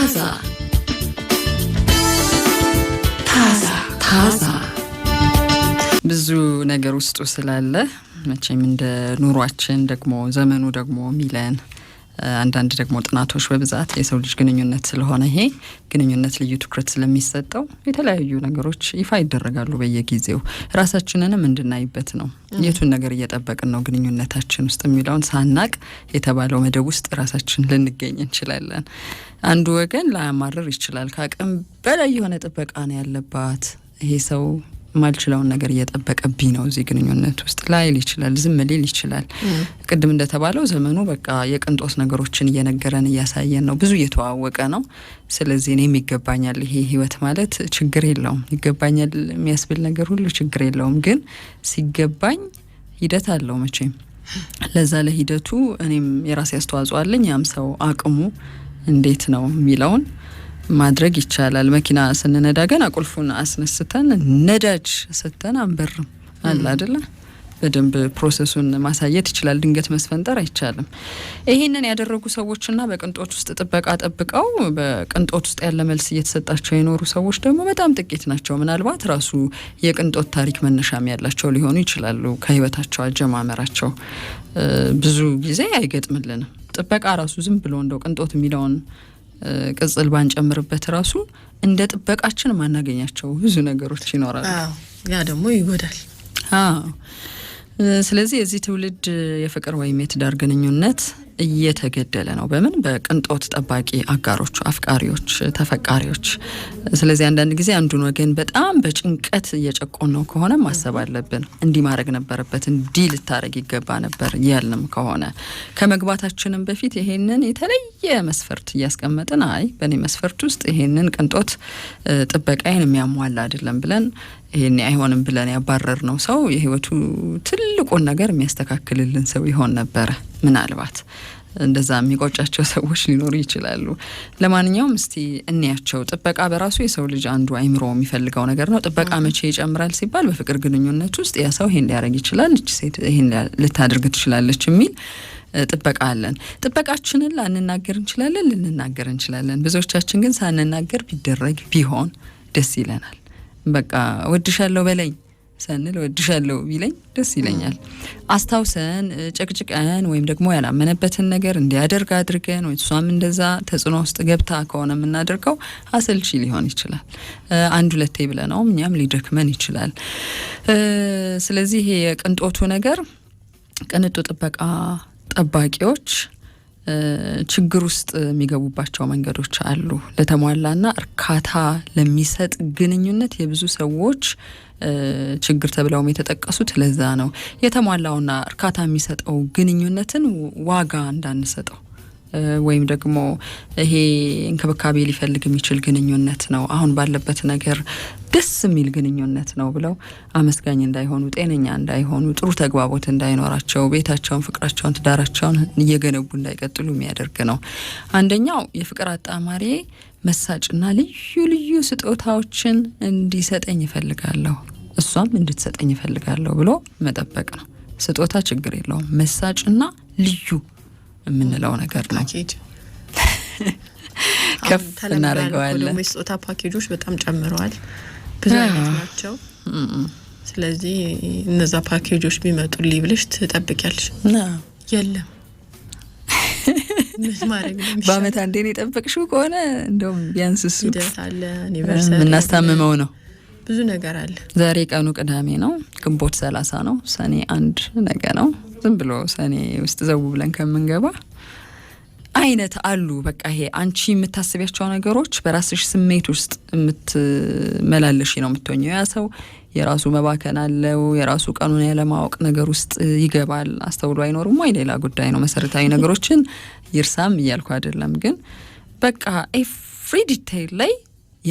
ታዛ ታዛ ታዛ ብዙ ነገር ውስጡ ስላለ መቼም እንደ ኑሯችን ደግሞ ዘመኑ ደግሞ ሚለን አንዳንድ ደግሞ ጥናቶች በብዛት የሰው ልጅ ግንኙነት ስለሆነ ይሄ ግንኙነት ልዩ ትኩረት ስለሚሰጠው የተለያዩ ነገሮች ይፋ ይደረጋሉ በየጊዜው ራሳችንንም እንድናይበት ነው። የቱን ነገር እየጠበቅን ነው ግንኙነታችን ውስጥ የሚለውን ሳናቅ የተባለው መደብ ውስጥ ራሳችን ልንገኝ እንችላለን። አንዱ ወገን ላያማርር ይችላል። ከአቅም በላይ የሆነ ጥበቃ ነው ያለባት ይሄ ሰው የማልችለውን ነገር እየጠበቀብኝ ነው እዚህ ግንኙነት ውስጥ ላይል ይችላል፣ ዝም ሊል ይችላል። ቅድም እንደተባለው ዘመኑ በቃ የቅንጦት ነገሮችን እየነገረን እያሳየን ነው፣ ብዙ እየተዋወቀ ነው። ስለዚህ እኔም ይገባኛል፣ ይሄ ህይወት ማለት ችግር የለውም ይገባኛል የሚያስብል ነገር ሁሉ ችግር የለውም። ግን ሲገባኝ ሂደት አለው መቼም ለዛ ለሂደቱ እኔም የራሴ አስተዋጽኦ አለኝ። ያም ሰው አቅሙ እንዴት ነው የሚለውን ማድረግ ይቻላል። መኪና ስንነዳ ግን አቁልፉን አስነስተን ነዳጅ ሰተን አንበርም አለ አደለ? በደንብ ፕሮሰሱን ማሳየት ይችላል። ድንገት መስፈንጠር አይቻልም። ይህንን ያደረጉ ሰዎችና በቅንጦት ውስጥ ጥበቃ ጠብቀው በቅንጦት ውስጥ ያለ መልስ እየተሰጣቸው የኖሩ ሰዎች ደግሞ በጣም ጥቂት ናቸው። ምናልባት ራሱ የቅንጦት ታሪክ መነሻም ያላቸው ሊሆኑ ይችላሉ። ከህይወታቸው አጀማመራቸው ብዙ ጊዜ አይገጥምልንም። ጥበቃ ራሱ ዝም ብሎ እንደው ቅንጦት የሚለውን ቅጽል ባንጨምርበት ራሱ እንደ ጥበቃችን ማናገኛቸው ብዙ ነገሮች ይኖራሉ። ያ ደግሞ ይጎዳል። ስለዚህ የዚህ ትውልድ የፍቅር ወይም የትዳር ግንኙነት እየተገደለ ነው። በምን በቅንጦት ጠባቂ አጋሮቹ፣ አፍቃሪዎች፣ ተፈቃሪዎች። ስለዚህ አንዳንድ ጊዜ አንዱን ወገን በጣም በጭንቀት እየጨቆን ነው ከሆነ ማሰብ አለብን። እንዲህ ማድረግ ነበረበት፣ እንዲህ ልታደረግ ይገባ ነበር ያልንም ከሆነ ከመግባታችንም በፊት ይሄንን የተለየ መስፈርት እያስቀመጥን አይ በእኔ መስፈርት ውስጥ ይሄንን ቅንጦት ጥበቃይን የሚያሟላ አይደለም ብለን ይሄን አይሆንም ብለን ያባረር ነው ሰው የህይወቱ ትልቁን ነገር የሚያስተካክልልን ሰው ይሆን ነበረ። ምናልባት እንደዛ የሚቆጫቸው ሰዎች ሊኖሩ ይችላሉ። ለማንኛውም እስቲ እንያቸው። ጥበቃ በራሱ የሰው ልጅ አንዱ አይምሮ የሚፈልገው ነገር ነው። ጥበቃ መቼ ይጨምራል ሲባል በፍቅር ግንኙነት ውስጥ ያ ሰው ይሄን ሊያደርግ ይችላል፣ እች ሴት ይሄን ልታደርግ ትችላለች የሚል ጥበቃ አለን። ጥበቃችንን ላንናገር እንችላለን፣ ልንናገር እንችላለን። ብዙዎቻችን ግን ሳንናገር ቢደረግ ቢሆን ደስ ይለናል። በቃ ወድሻለሁ በለኝ ስንል ወድሻለሁ ቢለኝ ደስ ይለኛል። አስታውሰን ጨቅጭቀን ወይም ደግሞ ያላመነበትን ነገር እንዲያደርግ አድርገን ወይ እሷም እንደዛ ተጽዕኖ ውስጥ ገብታ ከሆነ የምናደርገው አሰልቺ ሊሆን ይችላል። አንድ ሁለቴ ብለነው እኛም ሊደክመን ይችላል። ስለዚህ የቅንጦቱ ነገር ቅንጡ ጥበቃ ጠባቂዎች ችግር ውስጥ የሚገቡባቸው መንገዶች አሉ። ለተሟላና እርካታ ለሚሰጥ ግንኙነት የብዙ ሰዎች ችግር ተብለውም የተጠቀሱት ለዛ ነው። የተሟላውና እርካታ የሚሰጠው ግንኙነትን ዋጋ እንዳንሰጠው ወይም ደግሞ ይሄ እንክብካቤ ሊፈልግ የሚችል ግንኙነት ነው፣ አሁን ባለበት ነገር ደስ የሚል ግንኙነት ነው ብለው አመስጋኝ እንዳይሆኑ፣ ጤነኛ እንዳይሆኑ፣ ጥሩ ተግባቦት እንዳይኖራቸው፣ ቤታቸውን፣ ፍቅራቸውን፣ ትዳራቸውን እየገነቡ እንዳይቀጥሉ የሚያደርግ ነው። አንደኛው የፍቅር አጣማሪ መሳጭና ልዩ ልዩ ስጦታዎችን እንዲሰጠኝ ይፈልጋለሁ፣ እሷም እንድትሰጠኝ ይፈልጋለሁ ብሎ መጠበቅ ነው። ስጦታ ችግር የለውም። መሳጭና ልዩ የምንለው ነገር ነው። ከፍ እናደርገዋለን። የስጦታ ፓኬጆች በጣም ጨምረዋል፣ ብዙ አይነት ናቸው። ስለዚህ እነዛ ፓኬጆች ቢመጡ ሊብልሽ ትጠብቂያለሽ? የለም በአመት አንዴን የጠበቅሽው ከሆነ እንደውም ቢያንስ እሱ የምናስታምመው ነው። ብዙ ነገር አለ። ዛሬ ቀኑ ቅዳሜ ነው፣ ግንቦት ሰላሳ ነው፣ ሰኔ አንድ ነገ ነው። ዝም ብሎ ሰኔ ውስጥ ዘው ብለን ከምንገባ አይነት አሉ። በቃ ይሄ አንቺ የምታስቢያቸው ነገሮች በራስሽ ስሜት ውስጥ የምትመላለሽ ነው የምትሆኘው። ያ ሰው የራሱ መባከን አለው። የራሱ ቀኑን ያለማወቅ ነገር ውስጥ ይገባል። አስተውሎ አይኖርም ወይ ሌላ ጉዳይ ነው። መሰረታዊ ነገሮችን ይርሳም እያልኩ አይደለም፣ ግን በቃ ኤፍሪ ዲቴይል ላይ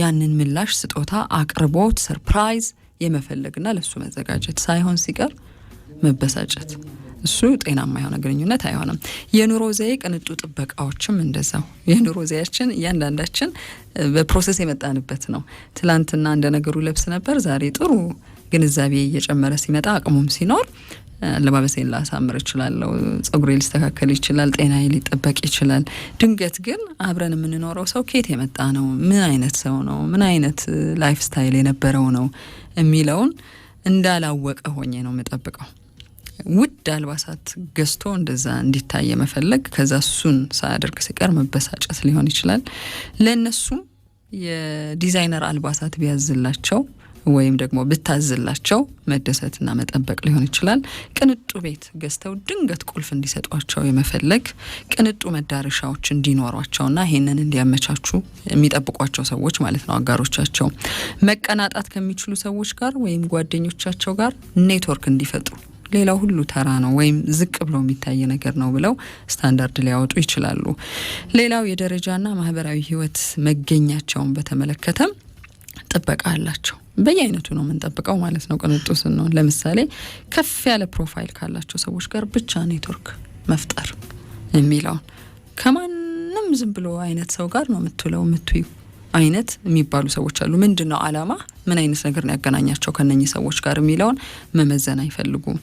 ያንን ምላሽ ስጦታ፣ አቅርቦት፣ ሰርፕራይዝ የመፈለግና ለሱ መዘጋጀት ሳይሆን ሲቀር መበሳጨት እሱ ጤናማ የሆነ ግንኙነት አይሆንም። የኑሮ ዘዬ ቅንጡ ጥበቃዎችም እንደዛው። የኑሮ ዘያችን እያንዳንዳችን በፕሮሰስ የመጣንበት ነው። ትላንትና እንደ ነገሩ ለብስ ነበር። ዛሬ ጥሩ ግንዛቤ እየጨመረ ሲመጣ አቅሙም ሲኖር አለባበሴን ላሳምር ይችላለሁ ጸጉሬ ሊስተካከል ይችላል፣ ጤናዬ ሊጠበቅ ይችላል። ድንገት ግን አብረን የምንኖረው ሰው ከየት የመጣ ነው፣ ምን አይነት ሰው ነው፣ ምን አይነት ላይፍ ስታይል የነበረው ነው የሚለውን እንዳላወቀ ሆኜ ነው የምጠብቀው። ውድ አልባሳት ገዝቶ እንደዛ እንዲታይ መፈለግ ከዛ እሱን ሳያደርግ ሲቀር መበሳጨት ሊሆን ይችላል። ለእነሱም የዲዛይነር አልባሳት ቢያዝላቸው ወይም ደግሞ ብታዝላቸው መደሰትና መጠበቅ ሊሆን ይችላል። ቅንጡ ቤት ገዝተው ድንገት ቁልፍ እንዲሰጧቸው የመፈለግ ቅንጡ መዳረሻዎች እንዲኖሯቸውና ይህንን እንዲያመቻቹ የሚጠብቋቸው ሰዎች ማለት ነው። አጋሮቻቸው መቀናጣት ከሚችሉ ሰዎች ጋር ወይም ጓደኞቻቸው ጋር ኔትወርክ እንዲፈጥሩ ሌላው ሁሉ ተራ ነው ወይም ዝቅ ብሎ የሚታይ ነገር ነው ብለው ስታንዳርድ ሊያወጡ ይችላሉ። ሌላው የደረጃና ማህበራዊ ህይወት መገኛቸውን በተመለከተም ጥበቃ አላቸው። በየአይነቱ ነው የምንጠብቀው ማለት ነው። ቅንጡ ስንሆን ለምሳሌ ከፍ ያለ ፕሮፋይል ካላቸው ሰዎች ጋር ብቻ ኔትወርክ መፍጠር የሚለውን ከማንም ዝም ብሎ አይነት ሰው ጋር ነው የምትውለው የምትዩ አይነት የሚባሉ ሰዎች አሉ። ምንድን ነው አላማ፣ ምን አይነት ነገር ነው ያገናኛቸው ከነኚህ ሰዎች ጋር የሚለውን መመዘን አይፈልጉም።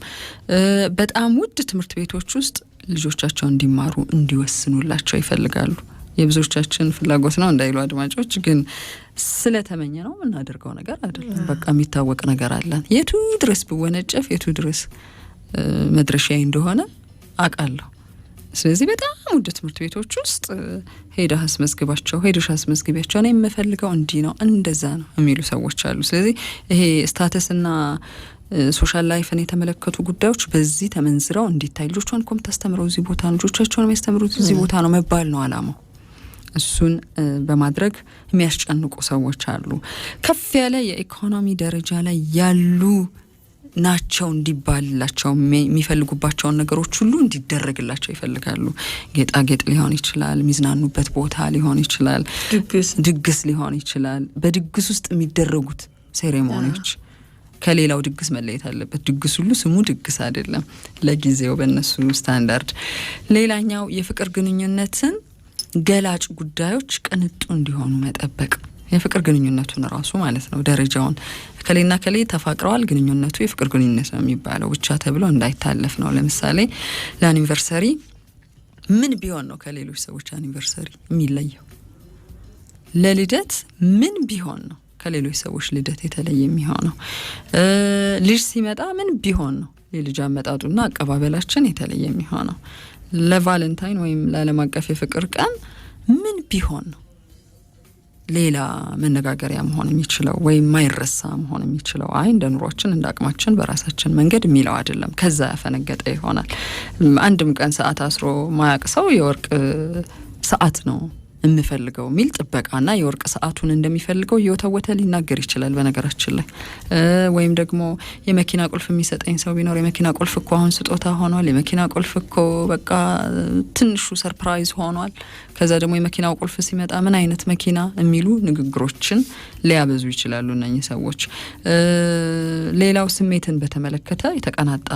በጣም ውድ ትምህርት ቤቶች ውስጥ ልጆቻቸው እንዲማሩ እንዲወስኑላቸው ይፈልጋሉ። የብዙዎቻችን ፍላጎት ነው እንዳይሉ አድማጮች፣ ግን ስለተመኘ ነው የምናደርገው ነገር አይደለም። በቃ የሚታወቅ ነገር አለን። የቱ ድረስ ብወነጨፍ፣ የቱ ድረስ መድረሻዬ እንደሆነ አውቃለሁ። ስለዚህ በጣም ውድ ትምህርት ቤቶች ውስጥ ሄደ አስመዝግባቸው፣ ሄደሽ አስመዝግቢያቸው፣ እኔ የምፈልገው እንዲህ ነው እንደዛ ነው የሚሉ ሰዎች አሉ። ስለዚህ ይሄ ስታተስና ሶሻል ላይፍን የተመለከቱ ጉዳዮች በዚህ ተመንዝረው እንዲታይ ልጆቿን እኮ የምታስተምረው እዚህ ቦታ ነው፣ ልጆቻቸውን የሚያስተምሩት እዚህ ቦታ ነው መባል ነው አላማው። እሱን በማድረግ የሚያስጨንቁ ሰዎች አሉ። ከፍ ያለ የኢኮኖሚ ደረጃ ላይ ያሉ ናቸው እንዲባልላቸው የሚፈልጉባቸውን ነገሮች ሁሉ እንዲደረግላቸው ይፈልጋሉ። ጌጣጌጥ ሊሆን ይችላል፣ የሚዝናኑበት ቦታ ሊሆን ይችላል፣ ድግስ ሊሆን ይችላል። በድግስ ውስጥ የሚደረጉት ሴሬሞኒዎች ከሌላው ድግስ መለየት አለበት። ድግስ ሁሉ ስሙ ድግስ አይደለም ለጊዜው በእነሱ ስታንዳርድ። ሌላኛው የፍቅር ግንኙነትን ገላጭ ጉዳዮች ቅንጡ እንዲሆኑ መጠበቅ የፍቅር ግንኙነቱን ራሱ ማለት ነው ደረጃውን ከሌና ከሌ ተፋቅረዋል፣ ግንኙነቱ የፍቅር ግንኙነት ነው የሚባለው ብቻ ተብሎ እንዳይታለፍ ነው። ለምሳሌ ለአኒቨርሰሪ ምን ቢሆን ነው ከሌሎች ሰዎች አኒቨርሰሪ የሚለየው? ለልደት ምን ቢሆን ነው ከሌሎች ሰዎች ልደት የተለየ የሚሆነው? ልጅ ሲመጣ ምን ቢሆን ነው የልጅ አመጣጡና አቀባበላችን የተለየ የሚሆነው? ለቫለንታይን ወይም ለአለም አቀፍ የፍቅር ቀን ምን ቢሆን ነው ሌላ መነጋገሪያ መሆን የሚችለው ወይም ማይረሳ መሆን የሚችለው አይ እንደ ኑሯችን እንደ አቅማችን በራሳችን መንገድ የሚለው አይደለም። ከዛ ያፈነገጠ ይሆናል። አንድም ቀን ሰዓት አስሮ ማያቅ ሰው የወርቅ ሰዓት ነው የምፈልገው የሚል ጥበቃና የወርቅ ሰዓቱን እንደሚፈልገው እየወተወተ ሊናገር ይችላል። በነገራችን ላይ ወይም ደግሞ የመኪና ቁልፍ የሚሰጠኝ ሰው ቢኖር የመኪና ቁልፍ እኮ አሁን ስጦታ ሆኗል፣ የመኪና ቁልፍ እኮ በቃ ትንሹ ሰርፕራይዝ ሆኗል። ከዛ ደግሞ የመኪናው ቁልፍ ሲመጣ ምን አይነት መኪና የሚሉ ንግግሮችን ሊያበዙ ይችላሉ እነኚህ ሰዎች። ሌላው ስሜትን በተመለከተ የተቀናጣ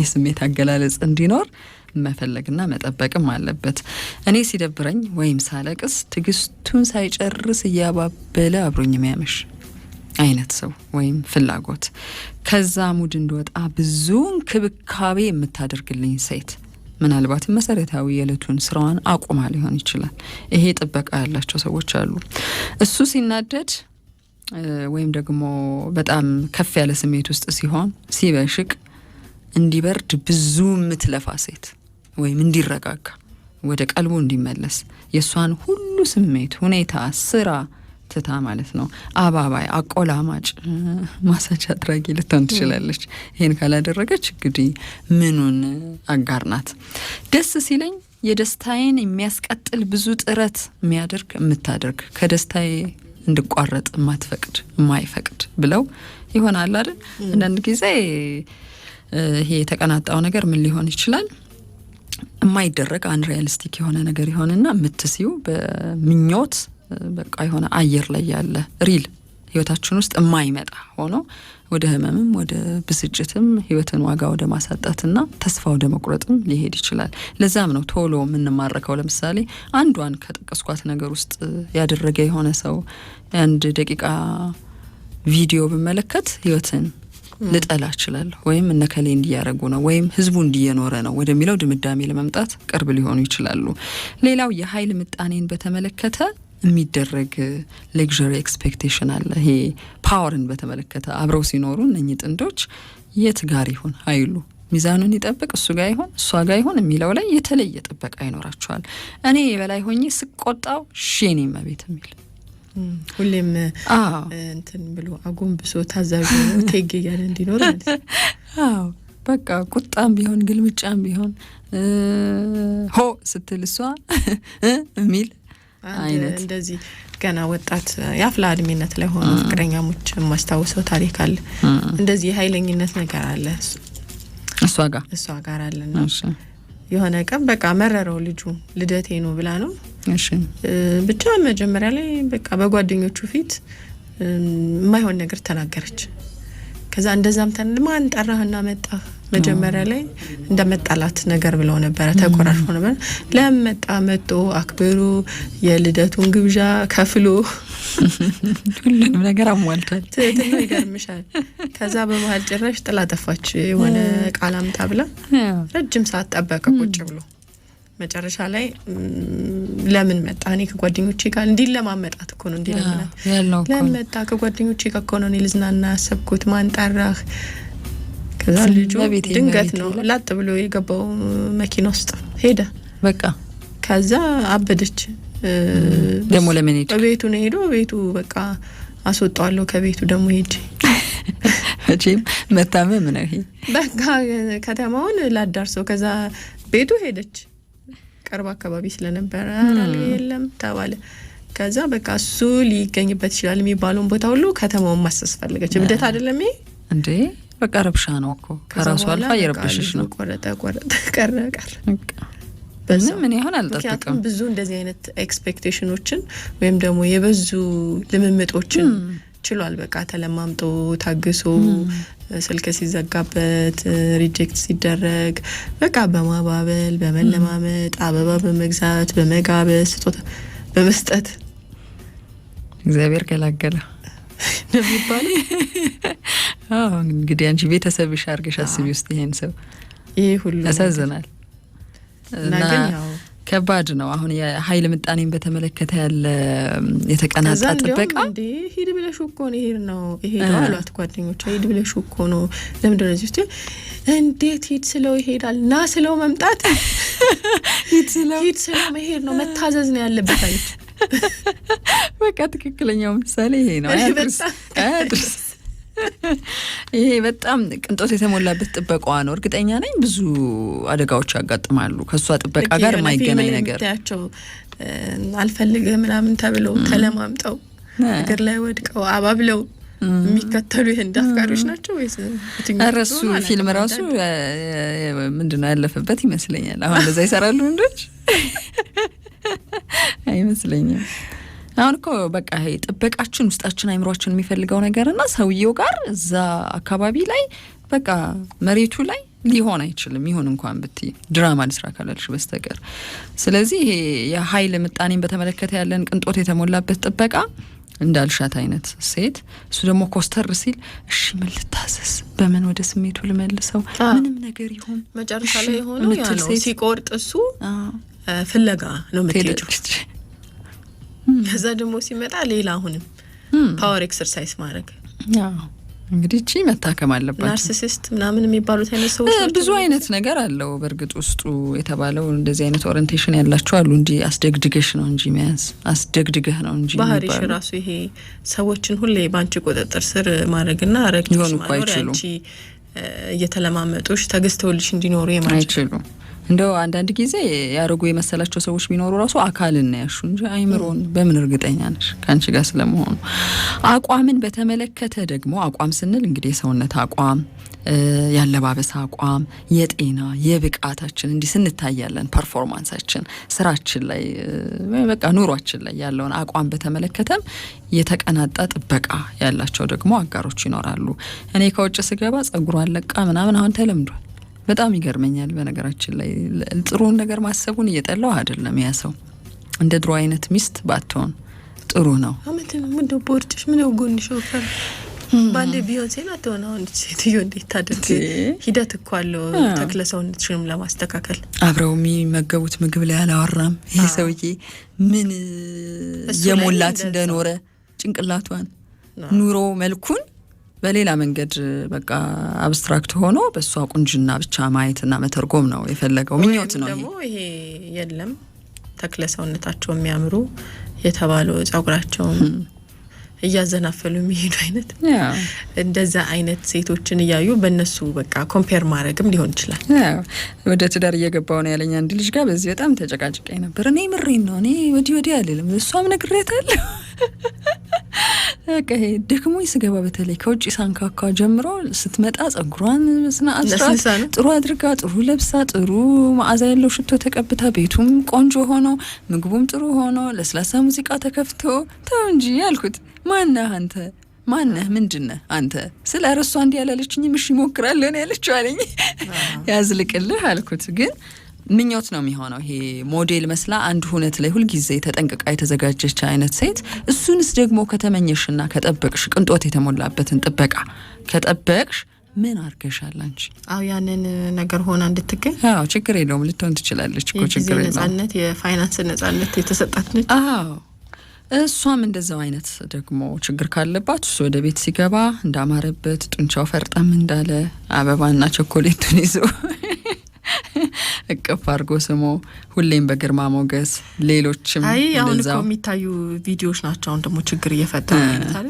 የስሜት አገላለጽ እንዲኖር መፈለግና መጠበቅም አለበት። እኔ ሲደብረኝ ወይም ሳለቅስ ትግስቱን ሳይጨርስ እያባበለ አብሮኝ የሚያመሽ አይነት ሰው ወይም ፍላጎት፣ ከዛ ሙድ እንደወጣ ብዙ እንክብካቤ የምታደርግልኝ ሴት ምናልባት መሰረታዊ የዕለቱን ስራዋን አቁማ ሊሆን ይችላል። ይሄ ጥበቃ ያላቸው ሰዎች አሉ። እሱ ሲናደድ ወይም ደግሞ በጣም ከፍ ያለ ስሜት ውስጥ ሲሆን ሲበሽቅ እንዲበርድ ብዙ የምትለፋ ሴት ወይም እንዲረጋጋ ወደ ቀልቡ እንዲመለስ የእሷን ሁሉ ስሜት፣ ሁኔታ፣ ስራ ትታ ማለት ነው። አባባይ፣ አቆላማጭ፣ ማሳጅ አድራጊ ልትሆን ትችላለች። ይህን ካላደረገች እንግዲህ ምኑን አጋር ናት? ደስ ሲለኝ የደስታዬን የሚያስቀጥል ብዙ ጥረት የሚያደርግ የምታደርግ ከደስታዬ እንድቋረጥ የማትፈቅድ የማይፈቅድ ብለው ይሆናል አይደል? አንዳንድ ጊዜ ይሄ የተቀናጣው ነገር ምን ሊሆን ይችላል? የማይደረግ አንሪያሊስቲክ የሆነ ነገር ይሆንና የምትስዩ በምኞት በቃ የሆነ አየር ላይ ያለ ሪል ህይወታችን ውስጥ የማይመጣ ሆኖ ወደ ህመምም ወደ ብስጭትም ህይወትን ዋጋ ወደ ማሳጣትና ተስፋ ወደ መቁረጥም ሊሄድ ይችላል። ለዛም ነው ቶሎ የምንማረከው። ለምሳሌ አንዷን ከጠቀስኳት ነገር ውስጥ ያደረገ የሆነ ሰው የአንድ ደቂቃ ቪዲዮ ብመለከት ህይወትን ልጠላ እችላለሁ ወይም እነከሌ እንዲያደረጉ ነው ወይም ህዝቡ እንዲየኖረ ነው ወደሚለው ድምዳሜ ለመምጣት ቅርብ ሊሆኑ ይችላሉ። ሌላው የሀይል ምጣኔን በተመለከተ የሚደረግ ሌግሪ ኤክስፔክቴሽን አለ። ይሄ ፓወርን በተመለከተ አብረው ሲኖሩ እነኚህ ጥንዶች የት ጋር ይሁን ሀይሉ ሚዛኑን ይጠብቅ እሱ ጋር ይሁን እሷ ጋር ይሁን የሚለው ላይ የተለየ ጥበቃ ይኖራቸዋል። እኔ የበላይ ሆኜ ስቆጣው ሼኔ መቤት የሚል ሁሌም እንትን ብሎ አጎንብሶ ታዛዥ ቴጌ እያለ እንዲኖር ማለት በቃ ቁጣም ቢሆን ግልምጫም ቢሆን ሆ ስትል እሷ የሚል አይነት እንደዚህ ገና ወጣት የአፍላ እድሜነት ላይ ሆኖ ፍቅረኛሞች የማስታውሰው ታሪክ አለ። እንደዚህ የኃይለኝነት ነገር አለ እሷ ጋር እሷ ጋር አለና የሆነ ቀን በቃ መረረው ልጁ ልደቴ ነው ብላ ነው። ብቻ መጀመሪያ ላይ በቃ በጓደኞቹ ፊት የማይሆን ነገር ተናገረች። ከዛ እንደዛም ተን ማን ጠራህና መጣ? መጀመሪያ ላይ እንደመጣላት ነገር ብለው ነበረ፣ ተቆራርፎ ነበር። ለምን መጣ መጦ አክብሮ የልደቱን ግብዣ ከፍሎ ሁሉንም ነገር አሟልቷል። ትህትና ይገርምሻል። ከዛ በመሀል ጭራሽ ጥላ ጠፋች። የሆነ ቃላም ብላ ረጅም ሰዓት ጠበቀ ቁጭ ብሎ መጨረሻ ላይ ለምን መጣ? እኔ ከጓደኞቼ ጋር እንዲ ለማመጣት እኮ ነው እንዲ ለምናት ለምን መጣ? ከጓደኞቼ ጋር እኮ ነው እኔ ልዝናና ያሰብኩት። ማን ጠራህ? ከዛ ልጁ ድንገት ነው ላጥ ብሎ የገባው መኪና ውስጥ ሄደ። በቃ ከዛ አበደች። ደግሞ ለምን ሄድ ቤቱ ነው ሄዶ ቤቱ በቃ አስወጣዋለሁ ከቤቱ ደግሞ ሄጄ መቼም መታመም ነው ይሄ። በቃ ከተማውን ላዳርሰው ከዛ ቤቱ ሄደች። ቅርብ አካባቢ ስለነበረ የለም ተባለ። ከዛ በቃ እሱ ሊገኝበት ይችላል የሚባለውን ቦታ ሁሉ ከተማውን ማሰስ ፈለገች። እብደት አይደለም ይሄ እንዴ? በቃ ረብሻ ነው እኮ ከራሱ አልፋ የረብሽሽ ነው። ቆረጠ ቆረጠ ቀረ ቀረ ምን ያህል አልጠብቅም። ብዙ እንደዚህ አይነት ኤክስፔክቴሽኖችን ወይም ደግሞ የበዙ ልምምጦችን ችሏል። በቃ ተለማምጦ ታግሶ ስልክ ሲዘጋበት ሪጀክት ሲደረግ በቃ በማባበል በመለማመጥ አበባ በመግዛት በመጋበዝ ስጦታ በመስጠት እግዚአብሔር ገላገለ ነው እንግዲህ አንቺ ቤተሰብሽ አድርገሽ አስቢ ውስጥ ይሄን ሰው ይህ ሁሉ ያሳዝናል። እና ከባድ ነው። አሁን የሀይል ምጣኔን በተመለከተ ያለ የተቀናጣ ጥበቃ ሂድ ብለሽ እኮ ነው ይሄድ ነው ይሄ አሏት ጓደኞቿ። ሂድ ብለሽ እኮ ነው ለምንድን ነው እዚህ እንዴት ሂድ ስለው ይሄዳል፣ ና ስለው መምጣት፣ ሂድ ስለው ሂድ ስለው መሄድ ነው መታዘዝ ነው ያለበት አለች። በቃ ትክክለኛው ምሳሌ ይሄ ነው። አያድርስ አያድርስ ይሄ በጣም ቅንጦት የተሞላበት ጥበቃዋ ነው። እርግጠኛ ነኝ ብዙ አደጋዎች ያጋጥማሉ ከእሷ ጥበቃ ጋር የማይገናኝ ነገር ያቸው ምናምን ተብለው ተለማምጠው እግር ላይ ወድቀው አባብለው የሚከተሉ የህንድ አፍቃሪዎች ናቸው ወይስ እረሱ ፊልም ራሱ ምንድነው ያለፈበት ይመስለኛል። አሁን በዛ ይሰራሉ ወንዶች አይመስለኝም። አሁን እኮ በቃ ጥበቃችን ውስጣችን አይምሯችን የሚፈልገው ነገርና ሰውየው ጋር እዛ አካባቢ ላይ በቃ መሬቱ ላይ ሊሆን አይችልም። ይሁን እንኳን ብት ድራማ ልስራ ካላልሽ በስተቀር ስለዚህ ይሄ የሀይል ምጣኔን በተመለከተ ያለን ቅንጦት የተሞላበት ጥበቃ እንዳልሻት አይነት ሴት እሱ ደግሞ ኮስተር ሲል እሺ ምን ልታዘዝ፣ በምን ወደ ስሜቱ ልመልሰው፣ ምንም ነገር ይሁን መጨረሻ ላይ ሆኖ ሲቆርጥ እሱ ፍለጋ ነው ምትሄዱ ከዛ ደግሞ ሲመጣ ሌላ አሁንም ፓወር ኤክሰርሳይዝ ማድረግ እንግዲህ እቺ መታከም አለባት። ናርሲሲስት ምናምን የሚባሉት አይነት ሰዎች ብዙ አይነት ነገር አለው። በእርግጥ ውስጡ የተባለው እንደዚህ አይነት ኦሪንቴሽን ያላቸው አሉ እንጂ አስደግድገሽ ነው እንጂ መያዝ አስደግድገህ ነው እንጂ ባህሪሽ ራሱ ይሄ ሰዎችን ሁሌ በአንቺ ቁጥጥር ስር ማድረግና ረግጭ ማኖር ያንቺ እየተለማመጡሽ ተገዝተውልሽ እንዲኖሩ የማይችሉ እንደው አንዳንድ ጊዜ ያደረጉ የመሰላቸው ሰዎች ቢኖሩ ራሱ አካልን ያሹ እንጂ አይምሮን በምን እርግጠኛ ነሽ ከአንቺ ጋር ስለመሆኑ። አቋምን በተመለከተ ደግሞ አቋም ስንል እንግዲህ የሰውነት አቋም የአለባበስ አቋም፣ የጤና የብቃታችን እንዲህ ስንታያለን። ፐርፎርማንሳችን ስራችን ላይ በቃ ኑሯችን ላይ ያለውን አቋም በተመለከተም የተቀናጣ ጥበቃ ያላቸው ደግሞ አጋሮች ይኖራሉ። እኔ ከውጭ ስገባ ጸጉሩ አለቃ ምናምን አሁን ተለምዷል። በጣም ይገርመኛል። በነገራችን ላይ ጥሩን ነገር ማሰቡን እየጠላው አይደለም። ያ ሰው እንደ ድሮ አይነት ሚስት ባትሆን ጥሩ ነው። ምንድን ቦርጭሽ ምን ጎንሽ ወፈር በአንድ ቢዮንሴን አትሆነ። አሁን ሴትዮ እንዴት ታደርግ? ሂደት እኮ አለው ተክለ ሰውነትሽንም ለማስተካከል አብረው የሚመገቡት ምግብ ላይ አላወራም። ይህ ሰውዬ ምን የሞላት እንደኖረ ጭንቅላቷን፣ ኑሮ መልኩን በሌላ መንገድ በቃ አብስትራክት ሆኖ በእሷ ቁንጅና ብቻ ማየትና መተርጎም ነው የፈለገው። ምኞት ነው ደግሞ ይሄ። የለም ተክለ ሰውነታቸው የሚያምሩ የተባሉ ጸጉራቸውም እያዘናፈሉ የሚሄዱ አይነት እንደዛ አይነት ሴቶችን እያዩ በእነሱ በቃ ኮምፔር ማድረግም ሊሆን ይችላል። ወደ ትዳር እየገባው ነው ያለኝ አንድ ልጅ ጋር በዚህ በጣም ተጨቃጭቄ ነበር። እኔ ምሬን ነው እኔ ወዲህ ወዲህ አልልም፣ እሷም ነግሬታለሁ። በቃ ይሄ ስገባ በተለይ ከውጭ ሳንካካ ጀምሮ ስትመጣ ጸጉሯን ስናአስራት ጥሩ አድርጋ ጥሩ ለብሳ ጥሩ መዓዛ ያለው ሽቶ ተቀብታ ቤቱም ቆንጆ ሆኖ ምግቡም ጥሩ ሆኖ ለስላሳ ሙዚቃ ተከፍቶ ተው እንጂ ያልኩት ማነህ አንተ? ማነህ? ምንድነህ አንተ? ስለ እርሷ እንዲህ ያላለችኝም ምሽ ይሞክራለሁ ነው ያለችው አለኝ። ያዝልቅልህ አልኩት ግን ምኞት ነው የሚሆነው። ይሄ ሞዴል መስላ አንድ ሁነት ላይ ሁልጊዜ ተጠንቅቃ የተዘጋጀች አይነት ሴት፣ እሱንስ ደግሞ ከተመኘሽና ከጠበቅሽ ቅንጦት የተሞላበትን ጥበቃ ከጠበቅሽ ምን አርገሻል አንቺ? አዎ ያንን ነገር ሆና እንድትገኝ አዎ፣ ችግር የለውም ልትሆን ትችላለች ችግር ነጻነት፣ የፋይናንስ ነጻነት የተሰጣት ነች። አዎ እሷም እንደዛው አይነት ደግሞ ችግር ካለባት እሱ ወደ ቤት ሲገባ እንዳማረበት ጡንቻው ፈርጠም እንዳለ አበባና ቸኮሌቱን ይዞ እቅፍ አድርጎ ስሞ ሁሌም በግርማ ሞገስ ሌሎችም አይ አሁን እኮ የሚታዩ ቪዲዮዎች ናቸው። አሁን ደግሞ ችግር እየፈጠሩ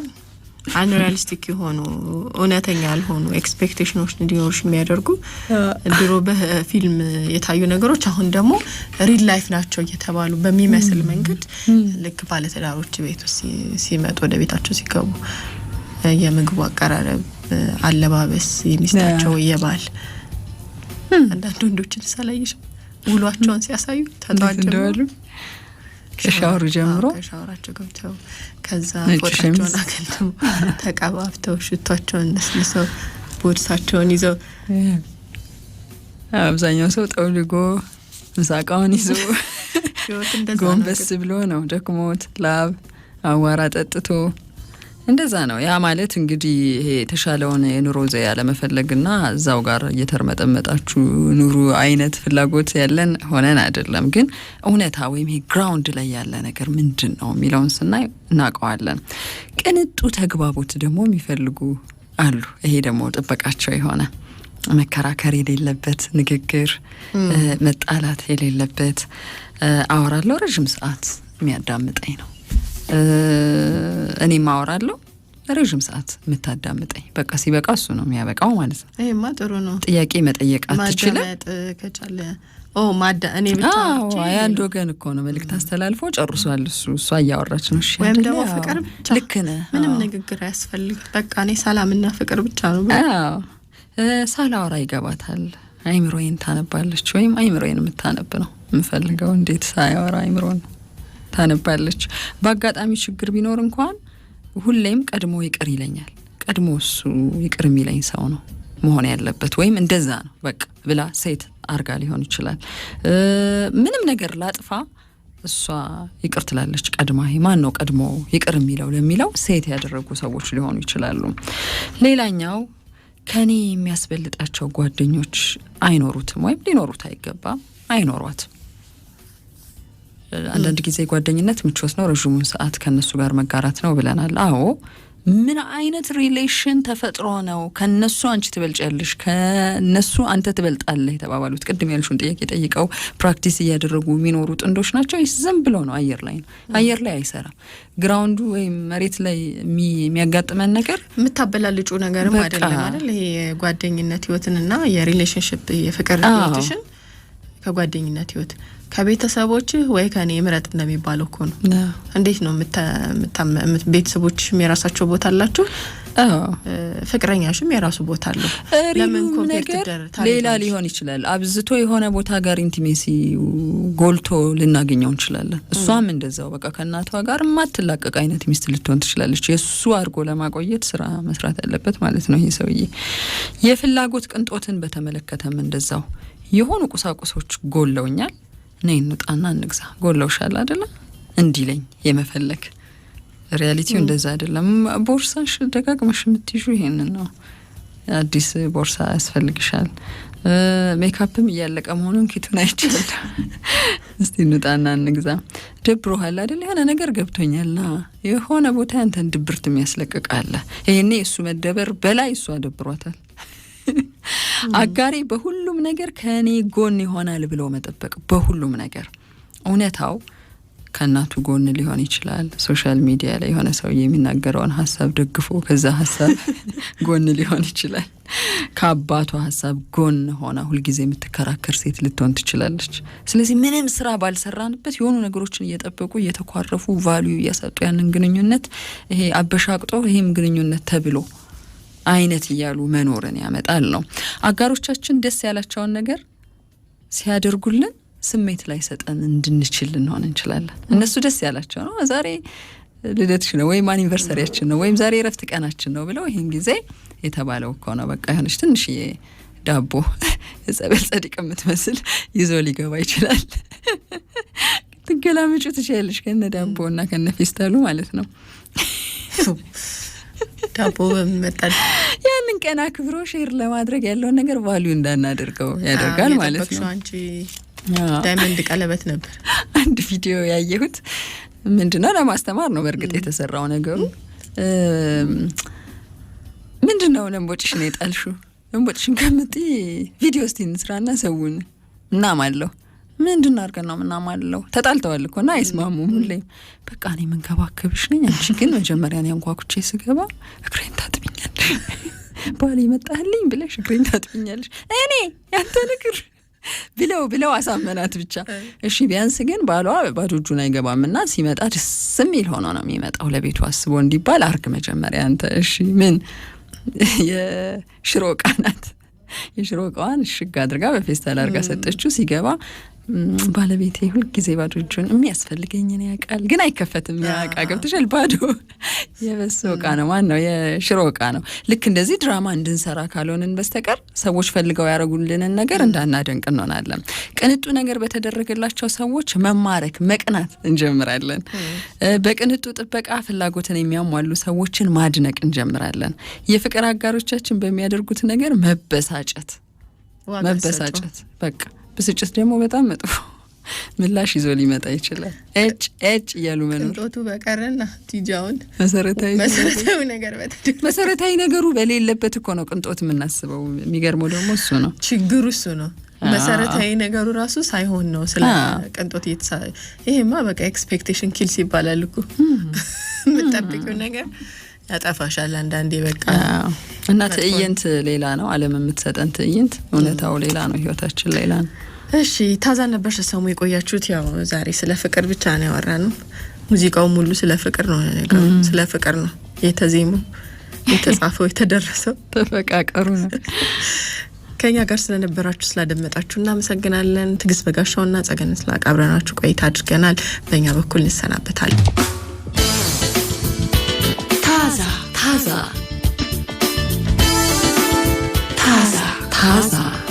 አንሪያሊስቲክ የሆኑ እውነተኛ ያልሆኑ ኤክስፔክቴሽኖች እንዲኖሩሽ የሚያደርጉ ድሮ በፊልም የታዩ ነገሮች አሁን ደግሞ ሪል ላይፍ ናቸው እየተባሉ በሚመስል መንገድ ልክ ባለትዳሮች ቤት ውስጥ ሲመጡ ወደ ቤታቸው ሲገቡ የምግቡ አቀራረብ፣ አለባበስ፣ የሚስታቸው የባል አንዳንድ ወንዶችን ሳላይሽ ውሏቸውን ሲያሳዩ ተጠዋጭ ከሻወሩ ጀምሮ ከሻወራቸው ገብተው ከዛ ፎጣቸውን አገልተው ተቀባብተው ሽቷቸውን ነስንሰው ቦርሳቸውን ይዘው አብዛኛው ሰው ጠውልጎ ምሳቃውን ይዞ ጎንበስ ብሎ ነው ደክሞት ላብ አዋራ ጠጥቶ እንደዛ ነው። ያ ማለት እንግዲህ ይሄ የተሻለውን የኑሮ ዘያ ለመፈለግና እዛው ጋር እየተርመጠመጣችሁ ኑሩ አይነት ፍላጎት ያለን ሆነን አይደለም። ግን እውነታ ወይም ይሄ ግራውንድ ላይ ያለ ነገር ምንድን ነው የሚለውን ስናይ እናውቀዋለን። ቅንጡ ተግባቦት ደግሞ የሚፈልጉ አሉ። ይሄ ደግሞ ጥበቃቸው የሆነ መከራከር የሌለበት ንግግር፣ መጣላት የሌለበት አወራለሁ ረዥም ሰዓት የሚያዳምጠኝ ነው እኔ ማወራለሁ ረዥም ሰዓት የምታዳምጠኝ በቃ ሲበቃ እሱ ነው የሚያበቃው ማለት ነው። ይሄማ ጥሩ ነው። ጥያቄ መጠየቅ አትችልም ከቻለ የአንድ ወገን እኮ ነው መልእክት አስተላልፎ ጨርሷል። እሱ እሷ እያወራች ነው። እሺ ወይም ደግሞ ፍቅር ብቻ ልክ ነህ። ምንም ንግግር አያስፈልግም። በቃ እኔ ሰላምና ፍቅር ብቻ ነው። ሳላወራ ይገባታል። አይምሮዬን ታነባለች ወይም አይምሮዬን የምታነብ ነው የምፈልገው። እንዴት ሳያወራ አይምሮ ነው ታነባለች። በአጋጣሚ ችግር ቢኖር እንኳን ሁሌም ቀድሞ ይቅር ይለኛል። ቀድሞ እሱ ይቅር የሚለኝ ሰው ነው መሆን ያለበት፣ ወይም እንደዛ ነው በቃ ብላ ሴት አርጋ ሊሆን ይችላል። ምንም ነገር ላጥፋ እሷ ይቅር ትላለች ቀድማ። ማን ነው ቀድሞ ይቅር የሚለው ለሚለው ሴት ያደረጉ ሰዎች ሊሆኑ ይችላሉ። ሌላኛው ከኔ የሚያስበልጣቸው ጓደኞች አይኖሩትም ወይም ሊኖሩት አይገባም፣ አይኖሯትም አንዳንድ ጊዜ ጓደኝነት ምቾት ነው፣ ረዥሙን ሰዓት ከነሱ ጋር መጋራት ነው ብለናል። አዎ ምን አይነት ሪሌሽን ተፈጥሮ ነው ከነሱ አንቺ ትበልጫለሽ ከነሱ አንተ ትበልጣለህ የተባባሉት? ቅድም ያልሽውን ጥያቄ ጠይቀው ፕራክቲስ እያደረጉ የሚኖሩ ጥንዶች ናቸው? ዝም ብሎ ነው? አየር ላይ ነው? አየር ላይ አይሰራም። ግራውንዱ ወይም መሬት ላይ የሚያጋጥመን ነገር የምታበላልጩ ነገርም አይደለም አይደል? ይሄ የጓደኝነት ህይወትንና የሪሌሽንሽፕ የፍቅር ህይወትሽን ከጓደኝነት ህይወት ከቤተሰቦችህ ወይ ከእኔ ምረጥ እንደሚባለው እኮ ነው። እንዴት ነው ቤተሰቦች የራሳቸው ቦታ አላቸው፣ ፍቅረኛሽም የራሱ ቦታ አለው። ለምን ነገር ሌላ ሊሆን ይችላል። አብዝቶ የሆነ ቦታ ጋር ኢንቲሜሲ ጎልቶ ልናገኘው እንችላለን። እሷም እንደዛው በቃ ከእናቷ ጋር ማትላቀቅ አይነት ሚስት ልትሆን ትችላለች። የእሱ አድርጎ ለማቆየት ስራ መስራት ያለበት ማለት ነው ይህ ሰውዬ። የፍላጎት ቅንጦትን በተመለከተም እንደዛው የሆኑ ቁሳቁሶች ጎለውኛል ነይ እንውጣና እንግዛ ጎለውሻል አደለ እንዲለኝ የመፈለግ ሪያሊቲው እንደዛ አይደለም። ቦርሳሽ ደጋግመሽ የምትይዙ ይሄንን ነው። አዲስ ቦርሳ ያስፈልግሻል። ሜካፕም እያለቀ መሆኑን ኪቱን አይቻል። እስቲ እንውጣና እንግዛ። ደብሮሃል አደለ? የሆነ ነገር ገብቶኛልና የሆነ ቦታ ያንተን ድብርት የሚያስለቅቅ አለ። እሱ መደበር በላይ እሱ አደብሯታል። አጋሪ በሁሉ ነገር ከእኔ ጎን ይሆናል ብሎ መጠበቅ በሁሉም ነገር እውነታው ከእናቱ ጎን ሊሆን ይችላል። ሶሻል ሚዲያ ላይ የሆነ ሰው የሚናገረውን ሀሳብ ደግፎ ከዛ ሀሳብ ጎን ሊሆን ይችላል። ከአባቷ ሀሳብ ጎን ሆና ሁልጊዜ የምትከራከር ሴት ልትሆን ትችላለች። ስለዚህ ምንም ስራ ባልሰራንበት የሆኑ ነገሮችን እየጠበቁ እየተኳረፉ ቫሊዩ እያሰጡ ያንን ግንኙነት ይሄ አበሻቅጦ ይህም ግንኙነት ተብሎ አይነት እያሉ መኖርን ያመጣል ነው። አጋሮቻችን ደስ ያላቸውን ነገር ሲያደርጉልን ስሜት ላይ ሰጠን እንድንችል ልንሆን እንችላለን። እነሱ ደስ ያላቸው ነው፣ ዛሬ ልደትሽ ነው ወይም አኒቨርሰሪያችን ነው ወይም ዛሬ እረፍት ቀናችን ነው ብለው ይህን ጊዜ የተባለው እኮ ነው በቃ የሆነች ትንሽዬ ዳቦ የጸበል ጸዲቅ የምትመስል ይዞ ሊገባ ይችላል። ትገላምጩ ትችያለሽ ከነ ዳቦ እና ከነ ፌስታሉ ማለት ነው። ዳቦ በሚመጣል ያንን ቀን አክብሮ ሼር ለማድረግ ያለውን ነገር ቫሊዩ እንዳናደርገው ያደርጋል ማለት ነው። አንቺ ዳይመንድ ቀለበት ነበር አንድ ቪዲዮ ያየሁት ምንድነው ለማስተማር ነው በእርግጥ የተሰራው ነገሩ። ምንድነው ለምቦጭሽን የጣልሹ ለምቦጭሽን ከምጥ ቪዲዮ ስቲ እንስራና ሰውን እናም አለው ምንድን አድርገን ነው ምናማለው? ተጣልተዋል እኮና አይስማሙም። ሁሌም በቃ እኔ የምንከባከብሽ ነኝ፣ አንቺ ግን መጀመሪያ ያንኳኩቼ ስገባ እግሬን ታጥቢኛለሽ፣ ባል ይመጣልኝ ብለሽ እግሬን ታጥብኛለሽ፣ እኔ ያንተ እግር ብለው ብለው አሳመናት። ብቻ እሺ ቢያንስ ግን ባሏ ባዶ እጁን አይገባም እና ሲመጣ ደስ የሚል ሆኖ ነው የሚመጣው። ለቤቱ አስቦ እንዲባል አርግ መጀመሪያ አንተ። እሺ ምን የሽሮ ቃናት የሽሮ ዕቃዋን እሽግ አድርጋ በፌስታል አድርጋ ሰጠችው። ሲገባ ባለቤቴ ሁልጊዜ ባዶ እጁን የሚያስፈልገኝ ነው ያውቃል፣ ግን አይከፈትም። ያ ዕቃ ባዶ የበሶ እቃ ነው ማን ነው የሽሮ እቃ ነው። ልክ እንደዚህ ድራማ እንድንሰራ ካልሆንን በስተቀር ሰዎች ፈልገው ያደረጉልንን ነገር እንዳናደንቅ እንሆናለን። ቅንጡ ነገር በተደረገላቸው ሰዎች መማረክ፣ መቅናት እንጀምራለን። በቅንጡ ጥበቃ ፍላጎትን የሚያሟሉ ሰዎችን ማድነቅ እንጀምራለን። የፍቅር አጋሮቻችን በሚያደርጉት ነገር መበሳጨት መበሳጨት በቃ ብስጭት ደግሞ በጣም መጥፎ ምላሽ ይዞ ሊመጣ ይችላል። ኤጭ ኤጭ እያሉ መኖር ቅንጦቱ በቀረና ቲጃውን መሰረታዊ መሰረታዊ ነገር መሰረታዊ ነገሩ በሌለበት እኮ ነው ቅንጦት የምናስበው። የሚገርመው ደግሞ እሱ ነው ችግሩ፣ እሱ ነው መሰረታዊ ነገሩ ራሱ ሳይሆን ነው ስለ ቅንጦት እየተሳ ይሄማ በቃ ኤክስፔክቴሽን ኪልስ ይባላል እኮ የምጠብቂው ነገር ያጠፋሻል አንዳንዴ በቃ እና ትዕይንት ሌላ ነው። አለም የምትሰጠን ትዕይንት እውነታው ሌላ ነው። ህይወታችን ሌላ ነው። እሺ ታዛ ነበር ሰሙ የቆያችሁት። ያው ዛሬ ስለ ፍቅር ብቻ ነው ነው ሙዚቃው ሙሉ ስለ ፍቅር ነው፣ ስለ ፍቅር ነው የተዜሙ የተጻፈው፣ የተደረሰው ተፈቃቀሩ ነው። ከኛ ጋር ስለነበራችሁ ስላደመጣችሁ እናመሰግናለን። ትግስት በጋሻውና ጸገን ስላቃብረናችሁ ቆይታ አድርገናል። በእኛ በኩል እንሰናበታለን። Taza. Taza. Taza.